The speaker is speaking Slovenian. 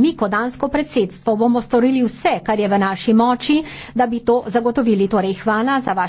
Mi, kot dansko predsedstvo, bomo storili vse, kar je v naši moči, da bi to zagotovili. Torej, hvala za vaš.